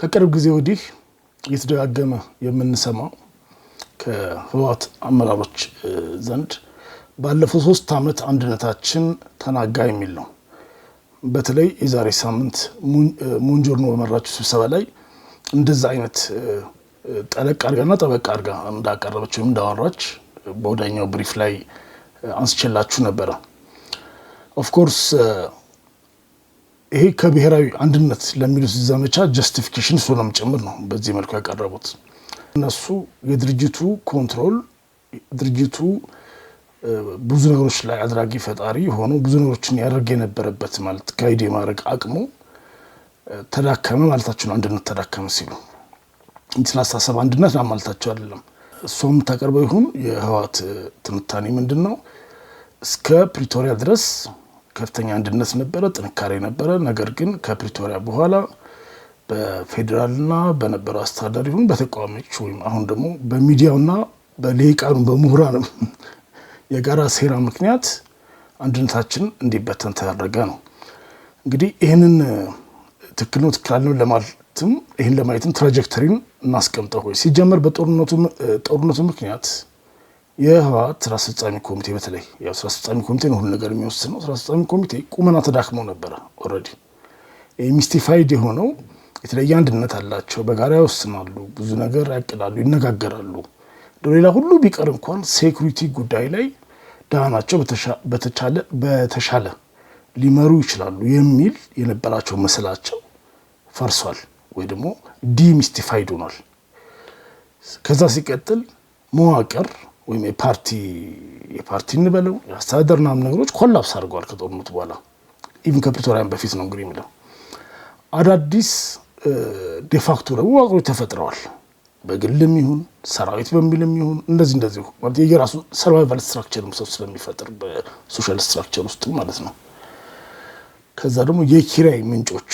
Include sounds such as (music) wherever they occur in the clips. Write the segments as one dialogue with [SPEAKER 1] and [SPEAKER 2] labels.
[SPEAKER 1] ከቅርብ ጊዜ ወዲህ እየተደጋገመ የምንሰማው ከህወሓት አመራሮች ዘንድ ባለፉት ሶስት ዓመት አንድነታችን ተናጋ የሚል ነው። በተለይ የዛሬ ሳምንት ሞንጆርኖ በመራችው ስብሰባ ላይ እንደዛ አይነት ጠለቅ አድርጋና ጠበቅ አድርጋ እንዳቀረበች ወይም እንዳወራች በወዳኛው ብሪፍ ላይ አንስቼላችሁ ነበረ ኦፍኮርስ ይሄ ከብሔራዊ አንድነት ለሚሉት ዘመቻ ጀስቲፊኬሽን ስለሆነም ጭምር ነው በዚህ መልኩ ያቀረቡት። እነሱ የድርጅቱ ኮንትሮል ድርጅቱ ብዙ ነገሮች ላይ አድራጊ ፈጣሪ ሆኖ ብዙ ነገሮችን ያደርግ የነበረበት ማለት ጋይድ የማድረግ አቅሙ ተዳከመ ማለታቸው ነው። አንድነት ተዳከመ ሲሉ ስላሳሰብ አንድነት ና ማለታቸው አይደለም። እሷ የምታቀርበው ይሁን የህወሓት ትንታኔ ምንድን ነው? እስከ ፕሪቶሪያ ድረስ ከፍተኛ አንድነት ነበረ፣ ጥንካሬ ነበረ። ነገር ግን ከፕሪቶሪያ በኋላ በፌዴራልና በነበረው አስተዳደር ይሁን በተቃዋሚዎች ወይም አሁን ደግሞ በሚዲያውና በልሂቃኑ በምሁራን (laughs) የጋራ ሴራ ምክንያት አንድነታችን እንዲበተን ተደረገ ነው። እንግዲህ ይህንን ትክክል ነው ትክክል አለ ለማለትም ይህን ለማየትም ትራጀክተሪን እናስቀምጠው። ሲጀመር በጦርነቱ ምክንያት የህወሓት ስራ አስፈጻሚ ኮሚቴ በተለይ ያው ስራ አስፈጻሚ ኮሚቴ ነው ሁሉ ነገር የሚወስነው። ስራ አስፈጻሚ ኮሚቴ ቁመና ተዳክመው ነበረ። ኦልሬዲ ሚስቲፋይድ የሆነው የተለየ አንድነት አላቸው፣ በጋራ ይወስናሉ፣ ብዙ ነገር ያቅዳሉ፣ ይነጋገራሉ። ሌላ ሁሉ ቢቀር እንኳን ሴኩሪቲ ጉዳይ ላይ ዳናቸው በተሻለ ሊመሩ ይችላሉ የሚል የነበራቸው ምስላቸው ፈርሷል፣ ወይ ደግሞ ዲሚስቲፋይድ ሆኗል። ከዛ ሲቀጥል መዋቅር ወይም የፓርቲ የፓርቲ እንበለው የአስተዳደር ምናምን ነገሮች ኮላፕስ አድርገዋል ከጦርነቱ በኋላ ኢቭን ከፕሪቶሪያን በፊት ነው እንግዲህ የሚለው አዳዲስ ዴፋክቶ ደግሞ ዋቅሮች ተፈጥረዋል። በግልም ይሁን ሰራዊት በሚልም ይሁን እንደዚህ እንደዚሁ ማለት የየራሱ ሰርቫይቫል ስትራክቸርም ሰው ስለሚፈጥር በሶሻል ስትራክቸር ውስጥ ማለት ነው። ከዛ ደግሞ የኪራይ ምንጮች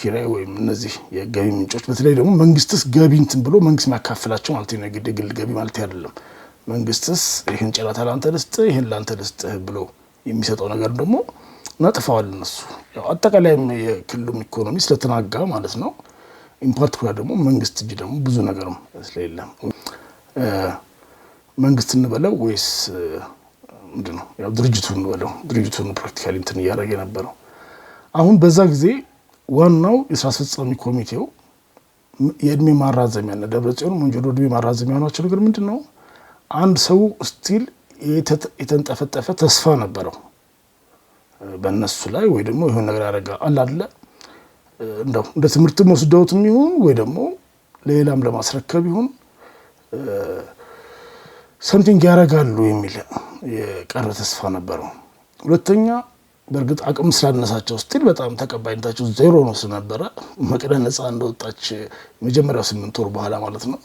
[SPEAKER 1] ኪራይ ወይም እነዚህ የገቢ ምንጮች በተለይ ደግሞ መንግስትስ ገቢ እንትን ብሎ መንግስት የሚያካፍላቸው ማለት ግል ገቢ ማለት አይደለም መንግስትስ ይህን ጨረታ ላንተ ልስጥህ፣ ይህን ላንተ ልስጥህ ብሎ የሚሰጠው ነገር ደግሞ ነጥፈዋል እነሱ። አጠቃላይም የክልሉም ኢኮኖሚ ስለተናጋ ማለት ነው። ኢምፓርቲኩላር ደግሞ መንግስት እጅ ደግሞ ብዙ ነገርም ስለሌለም መንግስት እንበለው ወይስ ምንድን ነው ያው ድርጅቱ እንበለው ድርጅቱ ፕራክቲካሊ እንትን እያደረገ የነበረው አሁን በዛ ጊዜ ዋናው የስራ አስፈጻሚ ኮሚቴው የእድሜ ማራዘሚያና ደብረጽዮን ወንጀል እድሜ ማራዘሚያ ሆናቸው ነገር ምንድን ነው አንድ ሰው ስቲል የተንጠፈጠፈ ተስፋ ነበረው በእነሱ ላይ ወይ ደግሞ ይሁን ነገር ያደረጋ አላለ እንደው እንደ ትምህርት ወስደውት ይሁን ወይ ደግሞ ሌላም ለማስረከብ ይሁን ሰምቲንግ ያደርጋሉ የሚል የቀረ ተስፋ ነበረው። ሁለተኛ በእርግጥ አቅም ስላነሳቸው ስቲል በጣም ተቀባይነታቸው ዜሮ ነው ስለነበረ መቅደ ነፃ እንደወጣች መጀመሪያው ስምንት ወር በኋላ ማለት ነው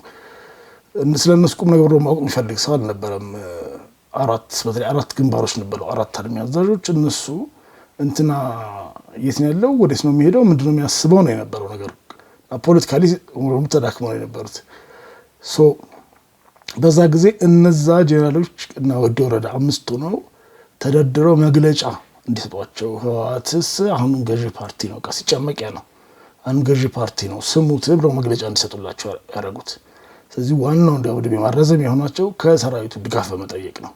[SPEAKER 1] ስለ እነሱ ቁም ነገር ደግሞ ማወቅ የሚፈልግ ሰው አልነበረም። አራት በተለይ አራት ግንባሮች ነበሩ፣ አራት አርሚ አዛዦች። እነሱ እንትና የት ነው ያለው፣ ወዴት ነው የሚሄደው፣ ምንድነው የሚያስበው ነው የነበረው ነገር። ፖለቲካሊ ተዳክመው ነው የነበሩት። በዛ ጊዜ እነዛ ጄኔራሎች እና ወደ ወረዳ አምስት ሆነው ተደርድረው መግለጫ እንዲሰጧቸው ህወሓትስ አሁኑን ገዢ ፓርቲ ነው፣ ሲጨመቂያ ነው፣ አሁኑን ገዢ ፓርቲ ነው ስሙት ብለው መግለጫ እንዲሰጡላቸው ያደረጉት ስለዚህ ዋናው እንዳወድሜ ማራዘም የሆናቸው ከሰራዊቱ ድጋፍ በመጠየቅ ነው።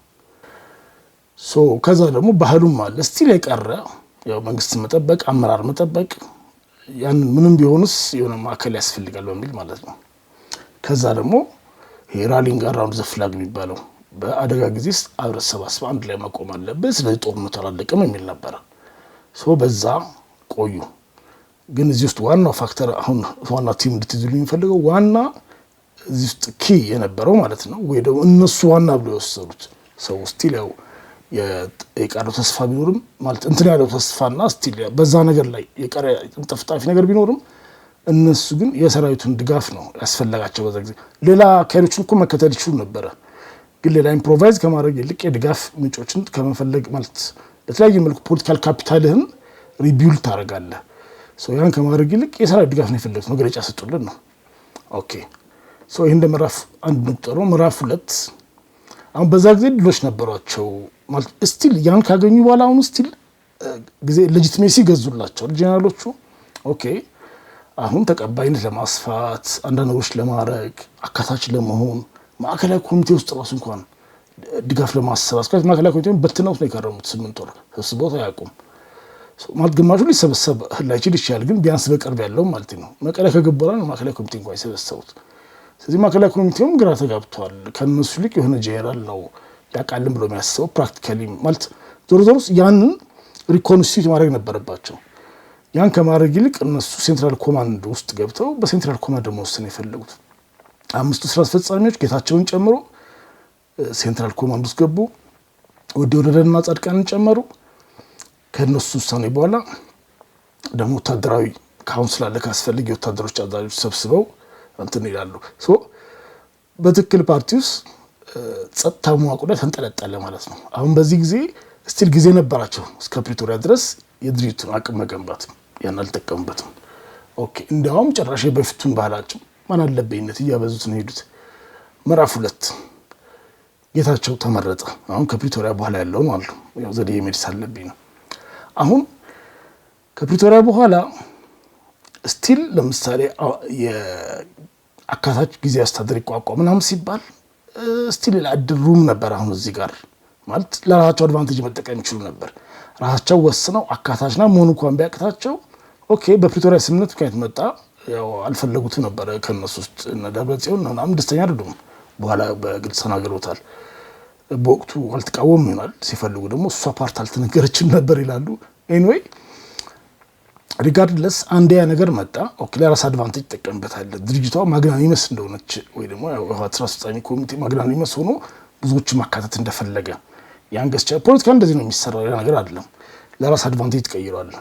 [SPEAKER 1] ከዛ ደግሞ ባህሉም አለ ስቲል የቀረ ያው መንግስት መጠበቅ፣ አመራር መጠበቅ ያንን ምንም ቢሆንስ የሆነ ማዕከል ያስፈልጋል በሚል ማለት ነው። ከዛ ደግሞ ራሊንግ አራውንድ ዘ ፍላግ የሚባለው በአደጋ ጊዜ ውስጥ አብረሰባስበ አንድ ላይ መቆም አለብን፣ ስለዚህ ጦርነቱ አላለቀም የሚል ነበረ። በዛ ቆዩ። ግን እዚህ ውስጥ ዋናው ፋክተር አሁን ዋና ቲም እንድትይዙልኝ የሚፈልገው ዋና እዚህ ውስጥ ኪ የነበረው ማለት ነው ወይ ደግሞ እነሱ ዋና ብሎ የወሰዱት ሰው ስቲል ያው የቀረው ተስፋ ቢኖርም ማለት እንትን ያለው ተስፋና ስቲል በዛ ነገር ላይ የቀረ ጠፍጣፊ ነገር ቢኖርም እነሱ ግን የሰራዊቱን ድጋፍ ነው ያስፈለጋቸው። በዛ ጊዜ ሌላ ካሄዶችን እኮ መከተል ይችሉ ነበረ፣ ግን ሌላ ኢምፕሮቫይዝ ከማድረግ ይልቅ የድጋፍ ምንጮችን ከመፈለግ ማለት በተለያየ መልኩ ፖለቲካል ካፒታልህን ሪቢውል ታደርጋለህ። ያን ከማድረግ ይልቅ የሰራዊት ድጋፍ ነው የፈለጉት መግለጫ ሰጡልን ነው ኦኬ ሰው ይህ እንደ ምዕራፍ አንድ የምንቆጥረው ምዕራፍ ሁለት አሁን በዛ ጊዜ ድሎች ነበሯቸው ማለት ስቲል ያን ካገኙ በኋላ አሁን ስቲል ጊዜ ሌጂትሜሲ ገዙላቸው ጀነራሎቹ። ኦኬ አሁን ተቀባይነት ለማስፋት አንዳንድ ነገሮች ለማድረግ አካታች ለመሆን ማዕከላዊ ኮሚቴ ውስጥ ራሱ እንኳን ድጋፍ ለማሰባሰብ ማዕከላዊ ኮሚቴ በትነው ነው የከረሙት። ስምንት ወር ሰብስቦት አያውቁም። ማለት ግማሹ ሊሰበሰብ ላይችል ይችላል፣ ግን ቢያንስ በቅርብ ያለው ማለት ነው መቀሌ ከገቡ በኋላ ነው ማዕከላዊ ኮሚቴ እንኳን የሰበሰቡት። ስለዚህ ማዕከላዊ ኮሚቴውም ግራ ተጋብቷል። ከነሱ ይልቅ የሆነ ጄኔራል ነው ያውቃልም ብሎ የሚያስበው ፕራክቲካሊ ማለት ዞሮ ዞሮ ያንን ሪኮንስቲት ማድረግ ነበረባቸው። ያን ከማድረግ ይልቅ እነሱ ሴንትራል ኮማንድ ውስጥ ገብተው በሴንትራል ኮማንድ መወሰን የፈለጉት አምስቱ ስራ አስፈጻሚዎች ጌታቸውን ጨምሮ ሴንትራል ኮማንድ ውስጥ ገቡ። ወደ ወደደና ጻድቃንን ጨመሩ። ከእነሱ ውሳኔ በኋላ ደግሞ ወታደራዊ ካውንስል አለ ካስፈልግ የወታደሮች አዛዦች ሰብስበው እንትን ይላሉ። በትክክል ፓርቲ ውስጥ ጸጥታ መዋቅሩ ላይ ተንጠለጠለ ማለት ነው። አሁን በዚህ ጊዜ ስቲል ጊዜ ነበራቸው እስከ ፕሪቶሪያ ድረስ የድርጅቱን አቅም መገንባት ያን አልጠቀሙበትም። ኦኬ እንዲያውም ጭራሽ በፊቱን ባህላቸው ማን አለበኝነት እያበዙት ነው ሄዱት። ምዕራፍ ሁለት ጌታቸው ተመረጠ። አሁን ከፕሪቶሪያ በኋላ ያለው አሉ ያው ዘዴ የሜድስ አለብኝ ነው። አሁን ከፕሪቶሪያ በኋላ ስቲል ለምሳሌ አካታች ጊዜ አስተዳደር ይቋቋም ምናምን ሲባል እስቲ ሌላ እድል ሩም ነበር። አሁን እዚህ ጋር ማለት ለራሳቸው አድቫንቴጅ መጠቀም ይችሉ ነበር። ራሳቸው ወስነው አካታችና መሆኑ እንኳን ቢያቅታቸው ኦኬ፣ በፕሪቶሪያ ስምምነት ምክንያት መጣ። ያው አልፈለጉት ነበረ። ከነሱ ውስጥ ደብረጽዮን ምናምን ደስተኛ አይደሉም። በኋላ በግልጽ ተናግረውታል። በወቅቱ አልተቃወም ይሆናል። ሲፈልጉ ደግሞ እሷ ፓርት አልተነገረችም ነበር ይላሉ። ኤኒዌይ ሪጋርድለስ አንድ ያ ነገር መጣ። ኦኬ ለራስ አድቫንቴጅ ይጠቀምበታል። ድርጅቷ ማግናኒመስ እንደሆነች ወይ ደግሞ ህወሓት ስራ አስፈጻሚ ኮሚቴ ማግናኒመስ ሆኖ ብዙዎች ማካተት እንደፈለገ ያን ገስቻ ፖለቲካ እንደዚህ ነው የሚሰራው። ያ ነገር አይደለም፣ ለራስ አድቫንቴጅ ትቀይሯል።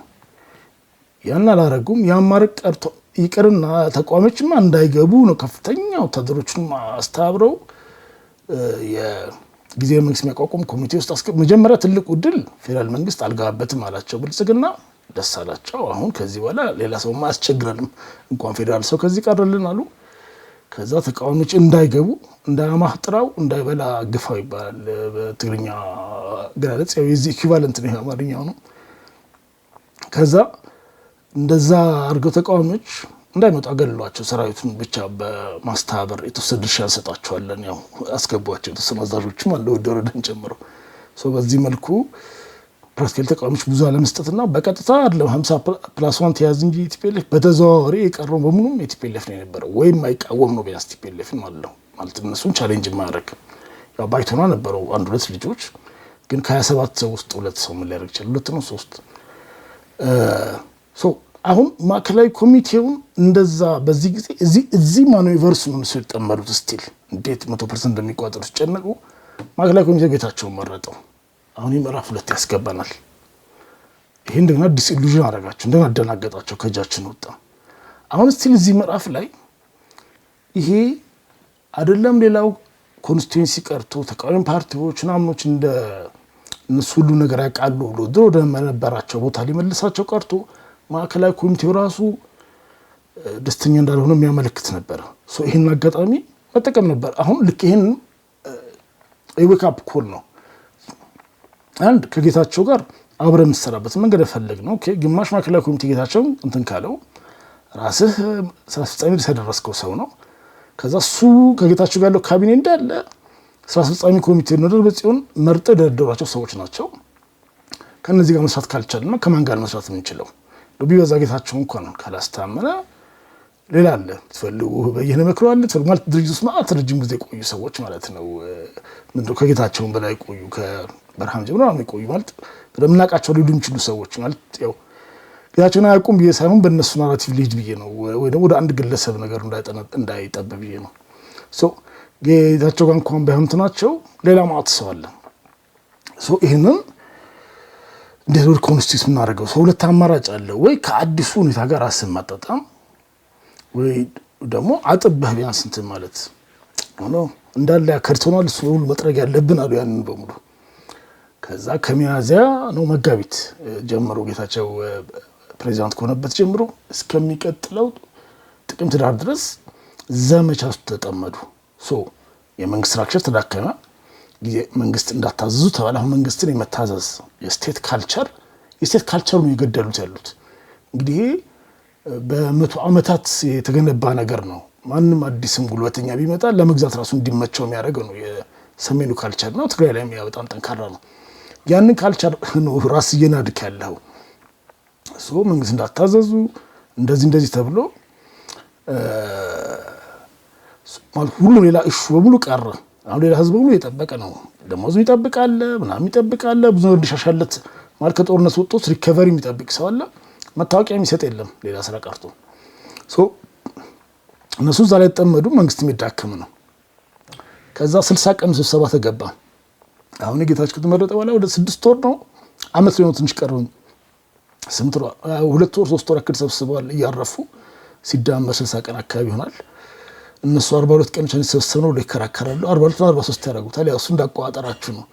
[SPEAKER 1] ያን አላረጉም። የአማረቅ ቀርቶ ይቅርና ተቋሚዎችማ እንዳይገቡ ነው ከፍተኛ ወታደሮችን አስተባብረው የጊዜያዊ መንግስት የሚያቋቁም ኮሚቴ ውስጥ መጀመሪያ ትልቁ ድል ፌዴራል መንግስት አልገባበትም አላቸው ብልጽግና ደስ አላቸው። አሁን ከዚህ በኋላ ሌላ ሰው አያስቸግረንም፣ እንኳን ፌዴራል ሰው ከዚህ ቀርልን አሉ። ከዛ ተቃዋሚዎች እንዳይገቡ እንዳያማህጥራው እንዳይበላ ግፋው ይባላል በትግርኛ ገላለጽ። ያው የዚህ ኢኩቫለንት ነው አማርኛው ነው። ከዛ እንደዛ አድርገው ተቃዋሚዎች እንዳይመጡ አገልሏቸው፣ ሰራዊቱን ብቻ በማስተባበር የተወሰነ ድርሻ እንሰጣቸዋለን ያው አስገቧቸው። የተወሰኑ አዛዦችም አለ ወደ ወረደን ጨምረው በዚህ መልኩ ራስቴል ተቃዋሚዎች ብዙ አለመስጠትና በቀጥታ አይደለም ሀምሳ ፕላስ ዋን ተያዝ እንጂ ኢቲፒኤልኤፍ በተዘዋዋሪ የቀረው በሙሉም ኢቲፒኤልኤፍ ነው የነበረው፣ ወይም አይቃወም ነው ቢያንስ ኢቲፒኤልኤፍን ማለት ነው። ማለት እነሱን ቻሌንጅ ማድረግ ያው ባይቶና ነበረው አንድ ሁለት ልጆች ግን ከሀያ ሰባት ሰው ውስጥ ሁለት ሰው ምን ሊያደርግ ይችላል? ሁለት ነው ሶስት አሁን ማዕከላዊ ኮሚቴውን እንደዛ በዚህ ጊዜ እዚህ ማኖቨርስ ነው እነሱ የጠመዱት። ስቲል እንዴት መቶ ፐርሰንት እንደሚቋጠሩ ሲጨነቁ ማዕከላዊ ኮሚቴ ቤታቸውን መረጠው። አሁን ምዕራፍ ሁለት ያስገባናል። ይሄ እንደገና ዲስኢሉዥን አደረጋቸው፣ እንደገና አደናገጣቸው፣ ከእጃችን ወጣ። አሁን ስቲል እዚህ ምዕራፍ ላይ ይሄ አይደለም ሌላው ኮንስቲቱንሲ ቀርቶ ተቃዋሚ ፓርቲዎች ናምኖች እንደ እነሱ ሁሉ ነገር ያውቃሉ ብሎ ድሮ ወደ ነበራቸው ቦታ ሊመልሳቸው ቀርቶ ማዕከላዊ ኮሚቴው ራሱ ደስተኛ እንዳልሆነ የሚያመለክት ነበረ። ይህን አጋጣሚ መጠቀም ነበር። አሁን ልክ ይህን የዌክ አፕ ኮል ነው አንድ ከጌታቸው ጋር አብረ የምትሰራበት መንገድ ፈለግ ነው። ግማሽ ማዕከላዊ ኮሚቴ ጌታቸው እንትን ካለው ራስህ ስራ አስፈጻሚ ድረስ ያደረስከው ሰው ነው። ከዛ እሱ ከጌታቸው ጋር ያለው ካቢኔ እንዳለ ስራ አስፈጻሚ ኮሚቴ ነው ጽዮን መርጠው የደረደሯቸው ሰዎች ናቸው። ከእነዚህ ጋር መስራት ካልቻለና ከማን ጋር መስራት የምንችለው ቢበዛ ጌታቸው እንኳን ካላስታመነ ሌላ አለ። ትፈልጉ በየነ መክረዋል አለ ማለት ድርጅት ውስጥ ማለት ረጅም ጊዜ ቆዩ ሰዎች ማለት ነው። ምንድን ከጌታቸውን በላይ ቆዩ በረሃም ጀምሮ ነው የሚቆዩ ማለት በደምናቃቸው ሊሄዱ የሚችሉ ሰዎች ማለት ያው ጌታቸውን አያውቁም ብዬ ሳይሆን በእነሱ ናራቲቭ ሊሄድ ብዬ ነው፣ ወይ ደግሞ ወደ አንድ ግለሰብ ነገር እንዳይጠበ ብዬ ነው። ጌታቸው ጋር እንኳን ባይሆንት ናቸው ሌላ ማዕት ሰው አለ። ይህንን እንዴት ወደ ኮንስቲቱት የምናደርገው ሰው ሁለት አማራጭ አለ። ወይ ከአዲሱ ሁኔታ ጋር ራስን ማጣጣም ወይ ደግሞ አጥበህ ቢያንስ እንትን ማለት እንዳለ ያከርቶናል። እሱ ሁሉ መጥረግ ያለብን አሉ ያንን በሙሉ ከዛ ከሚያዝያ ነው መጋቢት ጀምሮ ጌታቸው ፕሬዚዳንት ከሆነበት ጀምሮ እስከሚቀጥለው ጥቅምት ዳር ድረስ ዘመቻ ውስጥ ተጠመዱ። የመንግስት ስትራክቸር ተዳከመ። መንግስት እንዳታዘዙ ተባለ። አሁን መንግስትን የመታዘዝ የስቴት ካልቸር የስቴት ካልቸር ነው የገደሉት ያሉት እንግዲህ በመቶ ዓመታት የተገነባ ነገር ነው። ማንም አዲስም ጉልበተኛ ቢመጣ ለመግዛት ራሱ እንዲመቸው የሚያደርገው ነው። የሰሜኑ ካልቸር ነው። ትግራይ ላይ በጣም ጠንካራ ነው። ያንን ካልቸር ነው ራስ እየናድክ ያለው ሶ መንግስት እንዳታዘዙ እንደዚህ እንደዚህ ተብሎ ማለት ሁሉም ሌላ እሹ በሙሉ ቀረ። አሁን ሌላ ህዝብ በሙሉ እየጠበቀ ነው። ደሞዙ ይጠብቃለ ምናምን ይጠብቃለ ብዙ እንዲሻሻለት ማለት ከጦርነት ወጥቶ ሪከቨሪ የሚጠብቅ ሰው አለ። መታወቂያ የሚሰጥ የለም ሌላ ስራ ቀርቶ እነሱ እዛ ላይ ተጠመዱ። መንግስት የሚዳክም ነው። ከዛ ስልሳ ቀን ስብሰባ ተገባ። አሁን ጌታችን ከተመረጠ በኋላ ወደ ስድስት ወር ነው አመት ሊሆን ትንሽ ቀረው። ስምንት ሁለት ወር ሶስት ወር አክል ሰብስበዋል እያረፉ ሲዳመር ስልሳ ቀን አካባቢ ይሆናል። እነሱ አርባ ሁለት ቀን ቻን ሰብስብ ነው ይከራከራሉ። አርባ ሁለት አርባ ሶስት ያደረጉታል። ያው እሱ እንዳቋጠራችሁ ነው።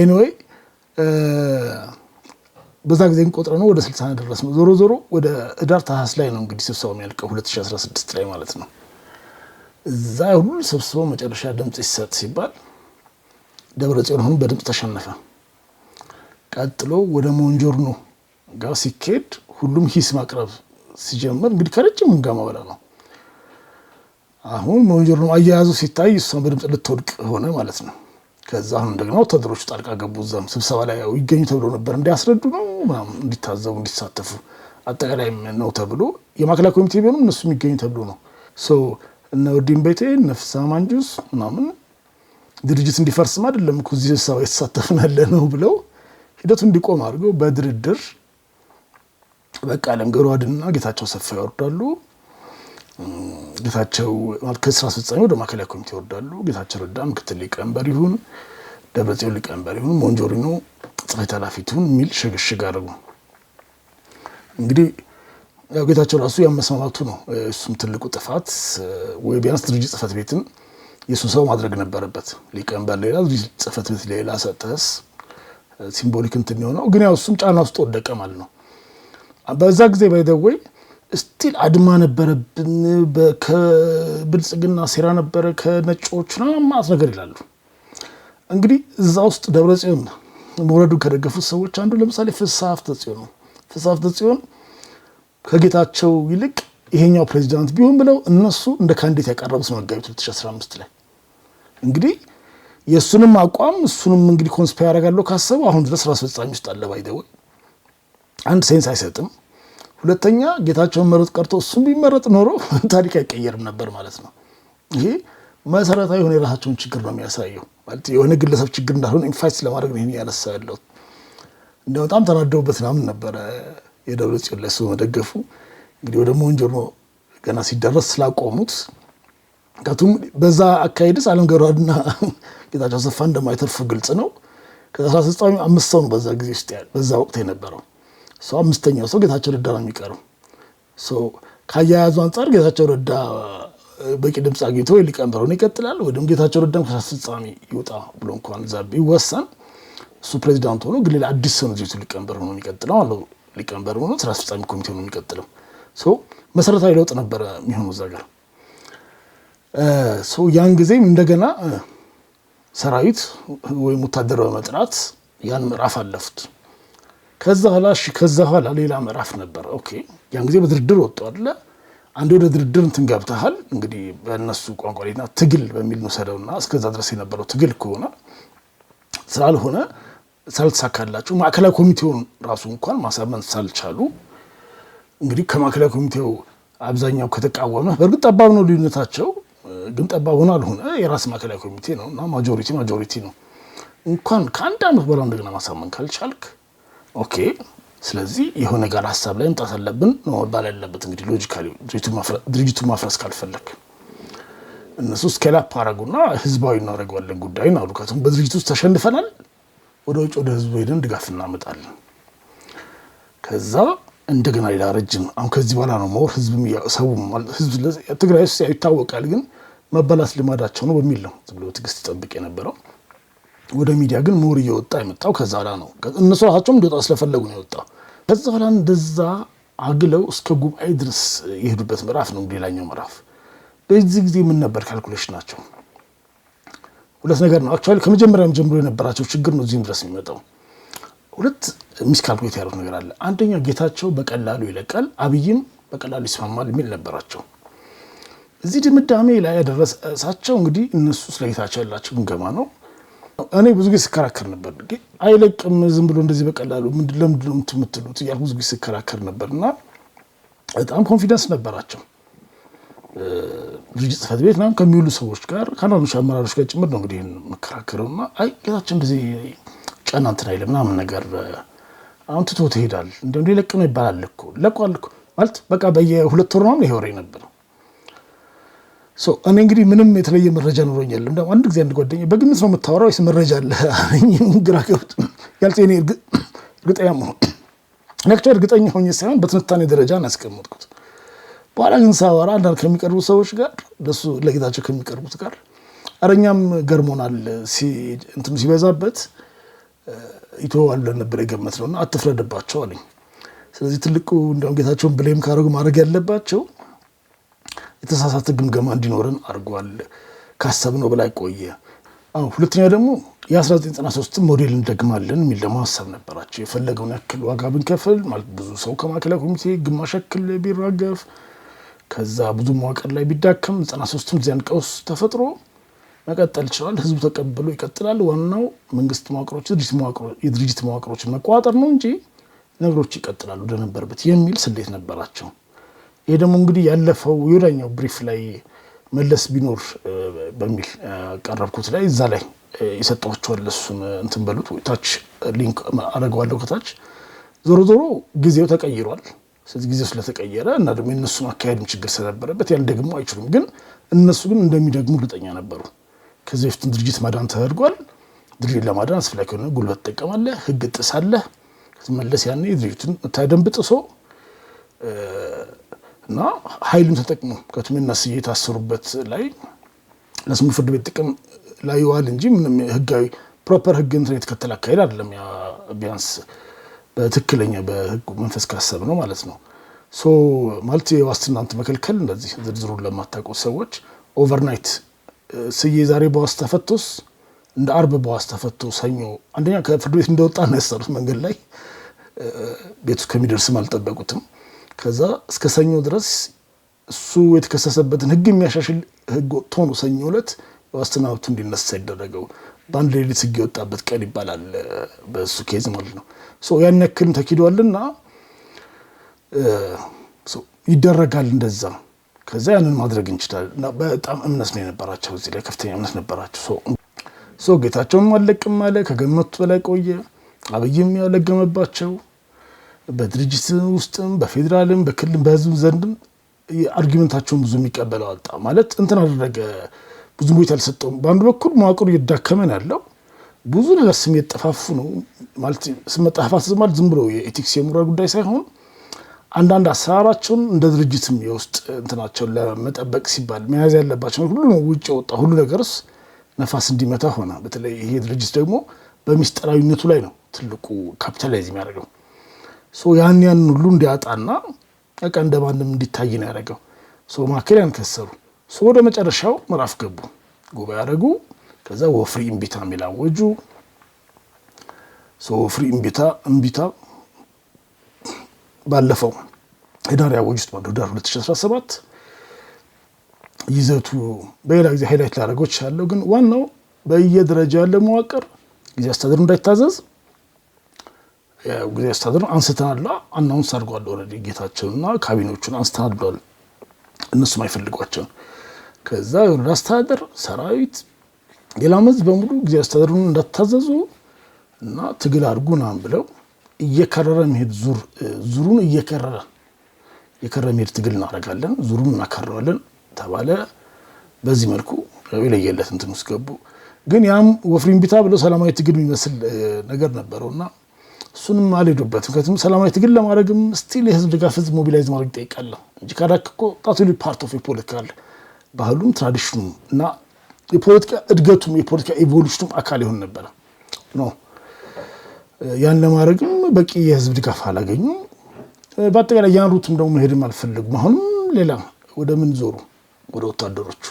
[SPEAKER 1] ኤኒዌይ በዛ ጊዜ እንቆጥረ ነው ወደ ስልሳ ደረስ ነው። ዞሮ ዞሮ ወደ እዳር ታህሳስ ላይ ነው እንግዲህ ስብሰባው የሚያልቀው 2016 ላይ ማለት ነው። እዛ ሁሉ ሰብስበው መጨረሻ ድምፅ ይሰጥ ሲባል ደብረ ጽዮን በድምፅ ተሸነፈ። ቀጥሎ ወደ ሞንጆርኖ ጋር ሲካሄድ ሁሉም ሂስ ማቅረብ ሲጀምር እንግዲህ ከረጅም እንጋማ ማበላ ነው። አሁን ሞንጆርኖ አያያዙ ሲታይ እሷን በድምፅ ልትወድቅ ሆነ ማለት ነው። ከዛ አሁን እንደገና ወታደሮቹ ጣልቃ ገቡ። እዛም ስብሰባ ላይ ያው ይገኙ ተብሎ ነበር እንዲያስረዱ ነው ምናምን እንዲታዘቡ እንዲሳተፉ አጠቃላይ ነው ተብሎ የማዕከላዊ ኮሚቴ ቢሆኑም እነሱ የሚገኙ ተብሎ ነው እነ ወዲን ቤቴ እነ ማንጁስ ምናምን ድርጅት እንዲፈርስም አይደለም እዚህ ስብሰባ የተሳተፍን ያለ ነው ብለው ሂደቱ እንዲቆም አድርገው በድርድር በቃ አለም ገሯድና ጌታቸው ሰፋ ይወርዳሉ። ጌታቸው ከስራ አስፈጻሚ ወደ ማዕከላዊ ኮሚቴ ይወርዳሉ። ጌታቸው ረዳ ምክትል ሊቀመንበር ይሁን፣ ደብረጽዮን ሊቀመንበር ይሁን፣ ሞንጆሪኖ ጽሕፈት ኃላፊ ይሁን የሚል ሽግሽግ አድርጉ። እንግዲህ ያው ጌታቸው ራሱ ያመስማማቱ ነው። እሱም ትልቁ ጥፋት ወይ ቢያንስ ድርጅት ጽሕፈት ቤትን የእሱ ሰው ማድረግ ነበረበት። ሊቀመንበር ሌላ ጽህፈት ቤት ሌላ ሰጠስ ሲምቦሊክ እንትን የሆነው ግን ያው እሱም ጫና ውስጥ ወደቀ ማለት ነው። በዛ ጊዜ ባይደወይ ስቲል አድማ ነበረብን፣ ከብልጽግና ሴራ ነበረ፣ ከነጮች ማት ነገር ይላሉ። እንግዲህ እዛ ውስጥ ደብረ ጽዮን መውረዱን ከደገፉት ሰዎች አንዱ ለምሳሌ ፍስሐ አፍተ ጽዮን ነው። ፍስሐ አፍተ ጽዮን ከጌታቸው ይልቅ ይሄኛው ፕሬዚዳንት ቢሆን ብለው እነሱ እንደ ካንዲዴት ያቀረቡት መጋቢት 2015 ላይ እንግዲህ የእሱንም አቋም እሱንም እንግዲህ ኮንስፓ ያደርጋለሁ ካሰቡ አሁን ድረስ ስራ አስፈጻሚ ውስጥ አለ ባይደወ አንድ ሴንስ አይሰጥም። ሁለተኛ ጌታቸውን መረጥ ቀርቶ እሱም ቢመረጥ ኖሮ (laughs) ታሪክ አይቀየርም ነበር ማለት ነው። ይሄ መሰረታዊ የሆነ የራሳቸውን ችግር ነው የሚያሳየው። ማለት የሆነ ግለሰብ ችግር እንዳልሆነ ኢንፋይት ለማድረግ ነው ይህን ያነሳ ያለሁት። እንደ በጣም ተናደውበት ምናምን ነበረ የደብረ ጽዮን ላይ እሱ መደገፉ እንግዲህ ወደ ሞንጆርኖ ገና ሲደረስ ስላቆሙት ከቱም በዛ አካሄድስ አለም ገብረዋልና (laughs) ጌታቸው አሰፋ እንደማይተርፉ ግልጽ ነው። ከዛ አስራ አምስት ሰው ነው በዛ ጊዜ ውስጥ በዛ ወቅት የነበረው ሰው አምስተኛው ሰው ጌታቸው ረዳ ነው የሚቀረው። ከአያያዙ አንጻር ጌታቸው ረዳ በቂ ድምፅ አግኝቶ ሊቀመንበር ሆኖ ይቀጥላል ወይም ጌታቸው ረዳም ከስራ ስጣሚ ይወጣ ብሎ እንኳን ዛ ይወሰን እሱ ፕሬዚዳንት ሆኖ ግን ሌላ አዲስ ሰው ነው ሊቀመንበር ሆኖ የሚቀጥለው አለው። ሊቀመንበር ሆኖ ስራ አስፈጻሚ ኮሚቴ ነው የሚቀጥለው። መሰረታዊ ለውጥ ነበረ የሚሆነው እዛ ጋር። ያን ጊዜም እንደገና ሰራዊት ወይም ወታደር በመጥራት ያን ምዕራፍ አለፉት። ከዛ ኋላ እሺ፣ ከዛ ኋላ ሌላ ምዕራፍ ነበር። ኦኬ፣ ያን ጊዜ በድርድር ወጡ አለ። አንድ ወደ ድርድር እንትን ገብተሃል እንግዲህ በእነሱ ቋንቋ ሌና ትግል በሚል እንውሰደውና እስከዛ ድረስ የነበረው ትግል ከሆነ ስላልሆነ ሳልተሳካላቸው ማዕከላዊ ኮሚቴውን ራሱ እንኳን ማሳመን ሳልቻሉ እንግዲህ ከማዕከላዊ ኮሚቴው አብዛኛው ከተቃወመ፣ በእርግጥ ጠባብ ነው ልዩነታቸው፣ ግን ጠባብ ሆኖ አልሆነ የራስ ማዕከላዊ ኮሚቴ ነው እና ማጆሪቲ ማጆሪቲ ነው። እንኳን ከአንድ ዓመት በኋላ እንደገና ማሳመን ካልቻልክ ኦኬ፣ ስለዚህ የሆነ ጋር ሀሳብ ላይ መምጣት አለብን ነው መባል ያለበት። እንግዲህ ሎጂካሊ ድርጅቱ ማፍረስ ካልፈለግ እነሱ ስኬላፕ አረጉና ህዝባዊ እናደርገዋለን ጉዳይን አሉ። ከቱም በድርጅት ውስጥ ተሸንፈናል፣ ወደ ውጭ ወደ ህዝቡ ሄደን ድጋፍ እናመጣለን። ከዛ እንደገና ሌላ ረጅም አሁን ከዚህ በኋላ ነው መወር ህዝብም ሰውም ትግራይ ውስጥ ይታወቃል፣ ግን መበላት ልማዳቸው ነው በሚል ነው ዝም ብሎ ይጠብቅ የነበረው። ወደ ሚዲያ ግን ሞር እየወጣ የመጣው ከዛ ኋላ ነው። እነሱ ራሳቸውም እንዲወጣ ስለፈለጉ ነው የወጣው። ከዛ በኋላ እንደዛ አግለው እስከ ጉባኤ ድረስ የሄዱበት ምዕራፍ ነው። ሌላኛው ምዕራፍ በዚህ ጊዜ ምን ነበር ካልኩሌሽን ናቸው። ሁለት ነገር ነው አክቹዋሊ ከመጀመሪያም ጀምሮ የነበራቸው ችግር ነው እዚህም ድረስ የሚመጣው ሁለት ሚስካልኩሌት ያሉት ነገር አለ። አንደኛው ጌታቸው በቀላሉ ይለቃል፣ አብይም በቀላሉ ይስማማል የሚል ነበራቸው። እዚህ ድምዳሜ ላይ ያደረሳቸው እንግዲህ እነሱ ስለ ጌታቸው ያላቸው ግምገማ ነው። እኔ ብዙ ጊዜ ስከራከር ነበር፣ አይለቅም ዝም ብሎ እንደዚህ በቀላሉ ለምንድን ነው የምትሉት እያልኩ ብዙ ጊዜ ስከራከር ነበር እና በጣም ኮንፊደንስ ነበራቸው። ድርጅት ጽሕፈት ቤት ምናምን ከሚውሉ ሰዎች ጋር ከአንዳንዶች አመራሮች ጋር ጭምር ነው እንግዲህ መከራከረውና አይ ጌታቸው እንደዚህ ቀና እንትን አይልም ምናምን ነገር አሁን ትቶ ትሄዳል። እንደም ለቅ ነው ይባላል እኮ ለቋል እኮ ማለት በቃ በየሁለት ወር ነው ይሄ ወሬ ነበር። እኔ እንግዲህ ምንም የተለየ መረጃ ኖሮኝ የለም። ደግሞ አንድ ጊዜ አንድ ጓደኛዬ በግምት ነው የምታወራው ወይስ መረጃ አለ አለኝ። (laughs) ግራ ገብቶ ያልጤኔ እርግጠኛ መሆን ነክቶ (clears throat) እርግጠኛ ሆኜ ሳይሆን በትንታኔ ደረጃ ነው ያስቀመጥኩት። በኋላ ግን ሳወራ አንዳንድ ከሚቀርቡ ሰዎች ጋር ለሱ ለጌታቸው ከሚቀርቡት ጋር አረኛም ገርሞናል እንትኑ ሲበዛበት ኢትዮ አለን ነበር የገመት ነው እና አትፍረድባቸው አለኝ። ስለዚህ ትልቁ እንዲያውም ጌታቸውን ብሌም ካደረጉ ማድረግ ያለባቸው የተሳሳተ ግምገማ እንዲኖረን አድርጓል። ካሰብነው በላይ ቆየ። አዎ ሁለተኛው ደግሞ የ1993 ሞዴል እንደግማለን የሚል ደግሞ ሀሳብ ነበራቸው። የፈለገውን ያክል ዋጋ ብንከፍል ማለት ብዙ ሰው ከማዕከላዊ ኮሚቴ ግማሽ ያክል ቢራገፍ ከዛ ብዙ መዋቅር ላይ ቢዳከም 93ም ዚያን ቀውስ ተፈጥሮ መቀጠል ይችላል። ህዝቡ ተቀብሎ ይቀጥላል። ዋናው መንግስት መዋቅሮች፣ የድርጅት መዋቅሮችን መቋጠር ነው እንጂ ነገሮች ይቀጥላሉ ወደነበርበት የሚል ስሌት ነበራቸው። ይሄ ደግሞ እንግዲህ ያለፈው የወዳኛው ብሪፍ ላይ መለስ ቢኖር በሚል ቀረብኩት ላይ እዛ ላይ ይሰጠዋቸዋል። እሱን እንትን በሉት ታች ሊንክ አደርገዋለሁ ከታች። ዞሮ ዞሮ ጊዜው ተቀይሯል። ስለዚህ ጊዜው ስለተቀየረ እና ደግሞ የእነሱን አካሄድም ችግር ስለነበረበት ያን ደግሞ አይችሉም። ግን እነሱ ግን እንደሚደግሙ እርግጠኛ ነበሩ። ከዚህ በፊትም ድርጅት ማዳን ተደርጓል። ድርጅት ለማዳን አስፈላጊ ሆነ ጉልበት ትጠቀማለህ፣ ህግ ጥሳለህ። መለስ ያኔ ድርጅቱን ደንብ ጥሶ እና ኃይሉን ተጠቅሞ ከቱሜና ስዬ የታሰሩበት ላይ ለስሙ ፍርድ ቤት ጥቅም ላይ ይዋል እንጂ ምንም ህጋዊ ፕሮፐር ህግ እንትን የተከተል አካሄድ አይደለም። ቢያንስ በትክክለኛ በህጉ መንፈስ ካሰብ ነው ማለት ነው። ሶ ማለት የዋስትና እንትን መከልከል እንደዚህ ዝርዝሩን ለማታውቁት ሰዎች ኦቨርናይት ስዬ ዛሬ በዋስ ተፈቶስ እንደ አርብ በዋስ ተፈቶ ሰኞ አንደኛ ከፍርድ ቤት እንደወጣ ነው ያሰሩት። መንገድ ላይ ቤት ውስጥ ከሚደርስም አልጠበቁትም። ከዛ እስከ ሰኞ ድረስ እሱ የተከሰሰበትን ህግ የሚያሻሽል ህግ ወጥቶ ነው ሰኞ ዕለት የዋስትና መብቱ እንዲነሳ ይደረገው በአንድ ሌሊት ህግ የወጣበት ቀን ይባላል በእሱ ኬዝ ማለት ነው። ያን ያክልም ተኪዷልና ይደረጋል እንደዛ ከዛ ያንን ማድረግ እንችላለን በጣም እምነት ነው የነበራቸው እዚህ ላይ ከፍተኛ እምነት ነበራቸው። ሶ ጌታቸውም አለቅም አለ። ከገመቱ በላይ ቆየ። አብይም ያለገመባቸው በድርጅት ውስጥም በፌዴራልም በክልልም በህዝብ ዘንድም አርጊመንታቸውን ብዙ የሚቀበለው አጣ። ማለት እንትን አደረገ ብዙ ቦታ አልሰጠውም። በአንድ በኩል መዋቅሩ እየዳከመን ያለው ብዙ ነገር ስም የጠፋፉ ነው ማለት ስም መጠፋፋት ማለት ዝም ብሎ የኤቲክስ የሞራል ጉዳይ ሳይሆን አንዳንድ አሰራራቸውን እንደ ድርጅትም የውስጥ እንትናቸውን ለመጠበቅ ሲባል መያዝ ያለባቸው ሁሉ ውጭ የወጣ ሁሉ ነገርስ ነፋስ እንዲመታ ሆነ። በተለይ ይሄ ድርጅት ደግሞ በሚስጥራዊነቱ ላይ ነው ትልቁ ካፒታላይዝ የሚያደርገው። ያን ያን ሁሉ እንዲያጣና በቃ እንደ ማንም እንዲታይ ነው ያደረገው። ማካከል ያን ከሰሩ ወደ መጨረሻው ምዕራፍ ገቡ። ጉባኤ ያደረጉ። ከዛ ወፍሪ እምቢታ የሚል አወጁ። ወፍሪ እምቢታ እምቢታ ባለፈው ህዳር ያወጅ ውስጥ ባለው ህዳር 2017 ይዘቱ በሌላ ጊዜ ሃይላይት ላደረጎች አለው። ግን ዋናው በየደረጃ ያለ መዋቅር ጊዜ አስተዳደሩ እንዳይታዘዝ ጊዜ አስተዳደሩ አንስተናል፣ አናውንስ አድርጓል። ኦልሬዲ ጌታቸውንና ካቢኔዎቹን አንስተናል ብሏል። እነሱም አይፈልጓቸውም። ከዛ የወረዳ አስተዳደር ሰራዊት፣ ሌላ መዝ በሙሉ ጊዜ አስተዳደሩን እንዳታዘዙ እና ትግል አድርጉ ናም ብለው እየከረረ መሄድ ዙር ዙሩን እየከረረ የከረረ መሄድ ትግል እናደርጋለን፣ ዙሩን እናከረዋለን ተባለ። በዚህ መልኩ ለየለት እንትን ውስጥ ገቡ። ግን ያም ወፍሪም ቢታ ብሎ ሰላማዊ ትግል የሚመስል ነገር ነበረው እና እሱንም አልሄዱበት። ምክንያቱም ሰላማዊ ትግል ለማድረግም ስቲል የህዝብ ድጋፍ ህዝብ ሞቢላይዝ ማድረግ ይጠይቃል እንጂ ካዳክ እኮ ጣቱ ፓርት ኦፍ የፖለቲካል ባህሉም ትራዲሽኑም እና የፖለቲካ እድገቱም የፖለቲካ ኢቮሉሽኑም አካል ይሆን ነበረ ነው። ያን ለማድረግም በቂ የህዝብ ድጋፍ አላገኙም። በአጠቃላይ ያን ሩትም ደግሞ መሄድም አልፈለጉም። አሁንም ሌላ ወደ ምን ዞሩ? ወደ ወታደሮቹ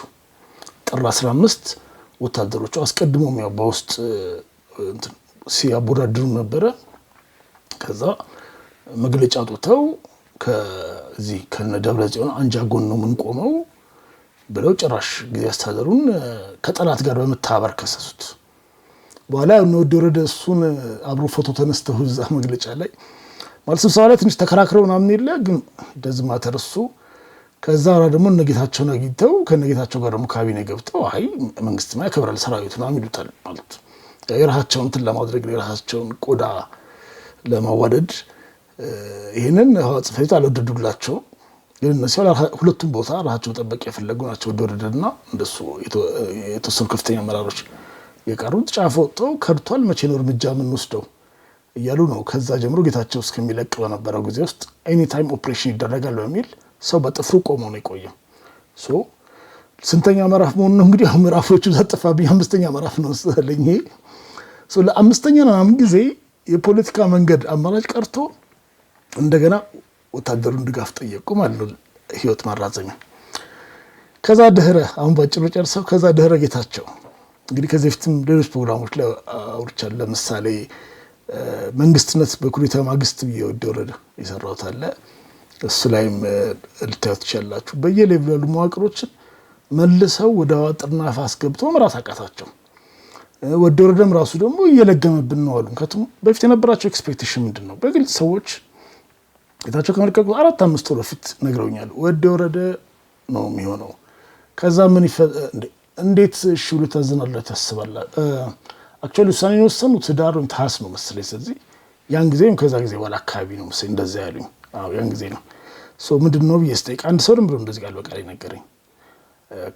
[SPEAKER 1] ጥር 15 ወታደሮቹ አስቀድሞም ያው በውስጥ ሲያቦዳድሩ ነበረ። ከዛ መግለጫ ጦተው ከዚህ ከነ ደብረ ጽዮን አንጃ ጎን ነው የምንቆመው ብለው ጭራሽ ጊዜ አስተዳደሩን ከጠላት ጋር በመተባበር ከሰሱት። በኋላ ወደ ወረደ እሱን አብሮ ፎቶ ተነስተው እዛ መግለጫ ላይ ማለት ስብሰባ ላይ ትንሽ ተከራክረው ምናምን የለ ግን ደዝ ማተር እሱ ከዛ ራ ደግሞ እነጌታቸውን አግኝተው ከነጌታቸው ጋር ደግሞ ካቢኔ ገብተው አይ ማ ያከብራል ሰራዊቱ ምናምን ይሉታል። ማለት የራሳቸውን እንትን ለማድረግ የራሳቸውን ቆዳ ለማዋደድ ይህንን ህወሓት ጽሕፈት ቤት አልወደዱላቸውም። ግን እነሱ ሁለቱም ቦታ ራሳቸው ጠበቅ የፈለጉ ናቸው። ወደ ወረደና እንደሱ የተወሰኑ ከፍተኛ አመራሮች የቀሩት ጫፍ ወጥቶ ከድቷል፣ መቼ ነው እርምጃ የምንወስደው እያሉ ነው። ከዛ ጀምሮ ጌታቸው እስከሚለቅ በነበረው ጊዜ ውስጥ ኤኒታይም ኦፕሬሽን ይደረጋል በሚል ሰው በጥፍሩ ቆሞ ነው የቆየው። ስንተኛ ምዕራፍ መሆኑ ነው እንግዲህ አሁን ምዕራፎቹ ዘጠፋብኝ፣ አምስተኛ ምዕራፍ ነው ስለኝ ለአምስተኛ ምናምን ጊዜ የፖለቲካ መንገድ አማራጭ ቀርቶ እንደገና ወታደሩን ድጋፍ ጠየቁ ማለት ነው። ህይወት ማራዘኛ። ከዛ ድህረ አሁን ባጭሩ ጨርሰው ከዛ ድህረ ጌታቸው እንግዲህ ከዚህ በፊትም ሌሎች ፕሮግራሞች ላይ አውርቻለሁ። ለምሳሌ መንግስትነት በኩዴታ ማግስት ብዬ ወደ ወረደ የሰራሁት አለ። እሱ ላይም ልታዩት ትችላላችሁ። በየሌቭሉ ያሉ መዋቅሮችን መልሰው ወደ ጥርናፍ አስገብቶ መምራት አቃታቸው። ወደ ወረደም ራሱ ደግሞ እየለገመብን ነው አሉ። ከቱም በፊት የነበራቸው ኤክስፔክቴሽን ምንድን ነው? በግልጽ ሰዎች ጌታቸው ከመልቀቁ አራት አምስት ወር በፊት ነግረውኛል። ወደ ወረደ ነው የሚሆነው። ከዛ ምን እንዴት እሺ ብሎ ታዝናላችሁ ታስባለህ? አክቹዋሊ ውሳኔ የወሰኑት ህዳር ወይም ታህሳስ ነው መሰለኝ። ስለዚህ ያን ጊዜ ከዛ ጊዜ በኋላ አካባቢ ነው መሰለኝ እንደዛ ያሉኝ። አዎ ያን ጊዜ ነው። ሶ ምንድን ነው ብዬ ስጠይቅ አንድ ሰው ብሎ እንደዚህ ቃል በቃል ነገረኝ።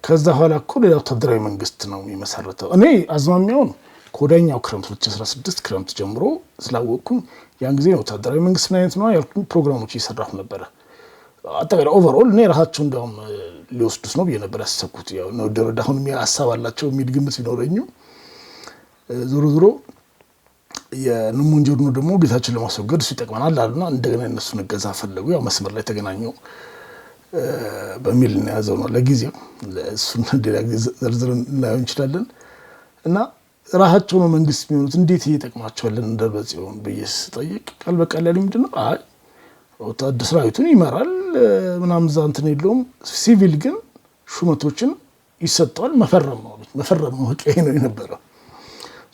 [SPEAKER 1] ከዛ ኋላ እኮ ሌላ ወታደራዊ መንግስት ነው የመሰረተው። እኔ አዝማሚያውን ከወዳኛው ክረምት 2016 ክረምት ጀምሮ ስላወቅኩኝ ያን ጊዜ ወታደራዊ መንግስት ምን አይነት ነው ያልኩኝ ፕሮግራሞች እየሰራሁ ነበረ አጠቃላይ ኦቨርኦል እኔ ራሳቸው እንዲያውም ሊወስዱት ነው ብዬ ነበር ያሰብኩት። ነወደረድ አሁን ሀሳብ አላቸው የሚል ግምት ቢኖረኝም ዞሮ ዞሮ የንሙንጀድኑ ደግሞ ጌታችን ለማስወገድ እሱ ይጠቅመናል አሉና እንደገና የነሱን እገዛ ፈለጉ። ያው መስመር ላይ ተገናኙ በሚል እናያዘው ነው ለጊዜው። እሱን (laughs) ሌላ ጊዜ ዘርዝረን እናየው እንችላለን እና ራሳቸው ነው መንግስት የሚሆኑት እንዴት እየጠቅማቸዋለን እንደበጽ ሆን ብዬ ስጠይቅ ቃል በቃል ያለኝ ምንድን ነው አይ ወታደር ሰራዊቱን ይመራል ምናምን እዛ እንትን የለውም። ሲቪል ግን ሹመቶችን ይሰጠዋል። መፈረም ነው መፈረም ነው ነው የነበረው።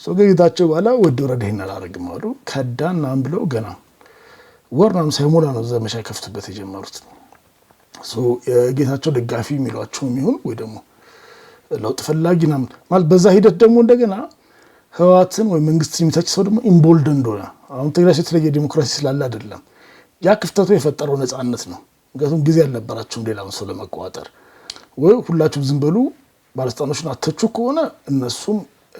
[SPEAKER 1] ሶ ጌታቸው በኋላ ወደ ወረደ ይህን አላደርግም አሉ። ከዳን ብለው ገና ወር ምናምን ሳይሞላ ነው ዘመቻ ከፍቱበት የጀመሩት። የጌታቸው ደጋፊ የሚሏቸው የሚሆን ወይ ደግሞ ለውጥ ፈላጊ ናም ማለት በዛ ሂደት ደግሞ እንደገና ህወሓትን ወይ መንግስት የሚተች ሰው ደግሞ ኢምቦልድ እንደሆነ አሁን ትግራይ የተለየ ዲሞክራሲ ስላለ አይደለም ያ ክፍተቱ የፈጠረው ነፃነት ነው። ምክንያቱም ጊዜ አልነበራቸውም ሌላውን ሰው ለመቆጣጠር። ወይ ሁላችሁም ዝም በሉ ባለስልጣኖችን አተቹ ከሆነ እነሱም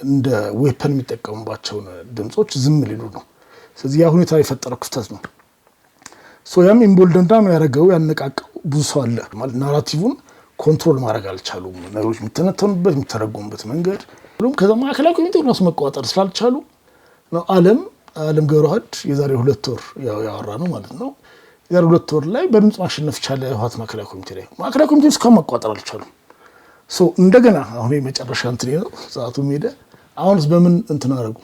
[SPEAKER 1] እንደ ዌፐን የሚጠቀሙባቸውን ድምፆች ዝም ሊሉ ነው። ስለዚህ ያ ሁኔታ የፈጠረው ክፍተት ነው። ያም ኢምቦልደንዳ ነው ያደረገው፣ ያነቃቀው ብዙ ሰው አለ ማለት ናራቲቭን ኮንትሮል ማድረግ አልቻሉም። ነገሮች የሚተነተኑበት የሚተረጎሙበት መንገድ ሁሉም ከዛ ማዕከላዊ ኮሚቴ ራሱ መቆጣጠር ስላልቻሉ ነው አለም ገብረ ገብረዋህድ የዛሬ ሁለት ወር ያወራ ነው ማለት ነው። የዛሬ ሁለት ወር ላይ በድምፅ ማሸነፍ ቻለ ህወሓት ማዕከላዊ ኮሚቴ ላይ። ማዕከላዊ ኮሚቴ እስካሁን መቋጠር አልቻሉም። እንደገና አሁን የመጨረሻ እንትን ነው ሰዓቱ ሄደ። አሁንስ በምን እንትን አደረጉ?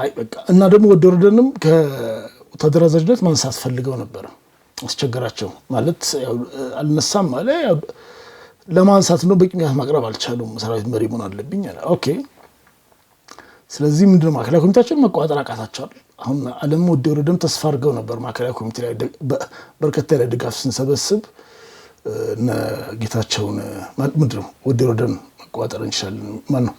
[SPEAKER 1] አይ በቃ እና ደግሞ ወደ ወረደንም ከወታደር አዛዥነት ማንሳት ፈልገው ነበረ። አስቸገራቸው ማለት አልነሳም አለ። ለማንሳት ነው በቂ ምክንያት ማቅረብ አልቻሉም። ሰራዊት መሪ መሆን አለብኝ አለ። ኦኬ ስለዚህ ምንድነው ማዕከላዊ ኮሚቴያቸውን መቋጠር አቃታቸዋል። አሁን አለም ወደ ወረደም ተስፋ አድርገው ነበር። ማዕከላዊ ኮሚቴ ላይ በርከታ ላይ ድጋፍ ስንሰበስብ ጌታቸውን ምንድነው ወደ ወረደን መቋጠር እንችላለን። ማለት ነው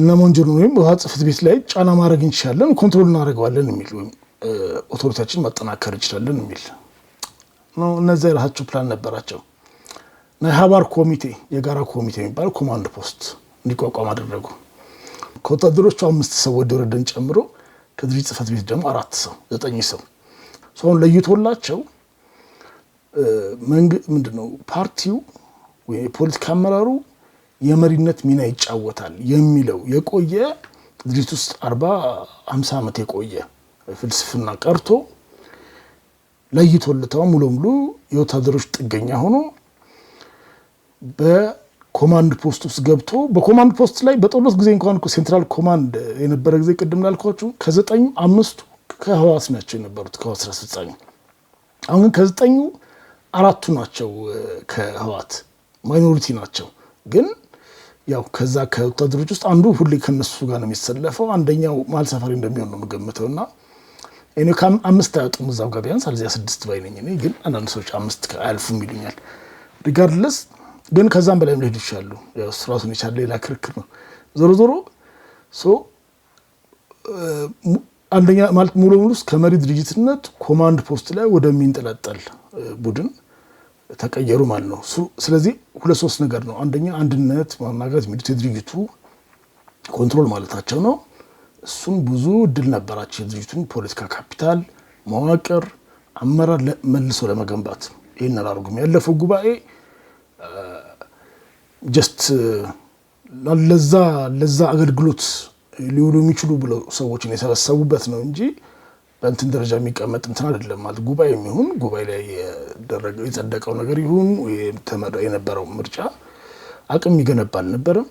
[SPEAKER 1] እና ሞንጆን ወይም ውሃ ጽሕፈት ቤት ላይ ጫና ማድረግ እንችላለን፣ ኮንትሮል እናደርገዋለን የሚል ወይም ኦቶሪታችን ማጠናከር እንችላለን የሚል ነው። እነዚያ የራሳቸው ፕላን ነበራቸው። ናይ ሀባር ኮሚቴ የጋራ ኮሚቴ የሚባል ኮማንድ ፖስት እንዲቋቋም አደረጉ። ከወታደሮቹ አምስት ሰው ወደ ወረደን ጨምሮ ከድርጅት ጽሕፈት ቤት ደግሞ አራት ሰው ዘጠኝ ሰው ሰውን ለይቶላቸው ምንድነው ፓርቲው ወይ የፖለቲካ አመራሩ የመሪነት ሚና ይጫወታል የሚለው የቆየ ድርጅት ውስጥ አርባ ሃምሳ ዓመት የቆየ ፍልስፍና ቀርቶ ለይቶልታው ሙሉ ሙሉ የወታደሮች ጥገኛ ሆኖ ኮማንድ ፖስት ውስጥ ገብቶ በኮማንድ ፖስት ላይ በጦርነት ጊዜ እንኳን ሴንትራል ኮማንድ የነበረ ጊዜ ቅድም ላልኳችሁ ከዘጠኙ አምስቱ ከህዋስ ናቸው የነበሩት ከህዋስ ስራ አስፈጻሚ። አሁን ግን ከዘጠኙ አራቱ ናቸው ከህዋት ማይኖሪቲ ናቸው። ግን ያው ከዛ ከወታደሮች ውስጥ አንዱ ሁሌ ከነሱ ጋር ነው የሚሰለፈው። አንደኛው መሀል ሰፈሪ እንደሚሆን ነው የምገምተው እና እኔ ከአምስት አያጡም እዛው ጋር ቢያንስ አለዚያ ስድስት ባይነኝ። ግን አንዳንድ ሰዎች አምስት አያልፉም ይሉኛል ሪጋርድለስ ግን ከዛም በላይ ሊሄዱ ይችላሉ። ራሱን የቻለ ሌላ ክርክር ነው። ዞሮ ዞሮ አንደኛ ማለት ሙሉ ሙሉ እስከ መሪ ድርጅትነት ኮማንድ ፖስት ላይ ወደሚንጠላጠል ቡድን ተቀየሩ ማለት ነው። ስለዚህ ሁለት ሶስት ነገር ነው። አንደኛ አንድነት ማናገት የሚሉት የድርጅቱ ኮንትሮል ማለታቸው ነው። እሱም ብዙ እድል ነበራቸው። የድርጅቱን ፖለቲካ ካፒታል መዋቅር፣ አመራር መልሶ ለመገንባት ይህን አላርጉም ያለፈው ጉባኤ ጀስት ለዛ ለዛ አገልግሎት ሊውሉ የሚችሉ ብለው ሰዎችን የሰበሰቡበት ነው እንጂ በእንትን ደረጃ የሚቀመጥ እንትን አይደለም። ማለት ጉባኤ የሚሆን ጉባኤ ላይ የደረገው የጸደቀው ነገር ይሁን የነበረው ምርጫ አቅም ይገነባ አልነበረም።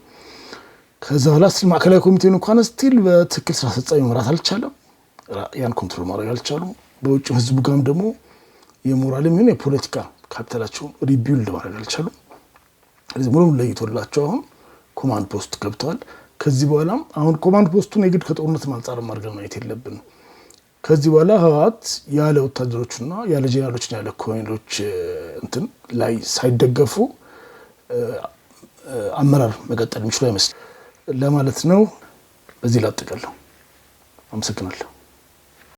[SPEAKER 1] ከዛ በኋላ ስቲል ማዕከላዊ ኮሚቴን እንኳን ስቲል በትክክል ስራ አስፈጻሚ መምራት አልቻለም። ያን ኮንትሮል ማድረግ አልቻሉም። በውጭ ህዝቡ ጋርም ደግሞ የሞራልም ይሁን የፖለቲካ ካፒታላቸውን ሪቢውልድ ማድረግ አልቻሉም። ስለዚህ ሙሉ ለይቶላቸው አሁን ኮማንድ ፖስት ገብተዋል። ከዚህ በኋላም አሁን ኮማንድ ፖስቱን የግድ ከጦርነት አንጻር አድርገን ማየት የለብን። ከዚህ በኋላ ህወሓት ያለ ወታደሮችና ያለ ጄኔራሎችና ያለ ኮሎኔሎች እንትን ላይ ሳይደገፉ አመራር መቀጠል የሚችሉ አይመስልም ለማለት ነው። በዚህ ላጠቃልለው። አመሰግናለሁ።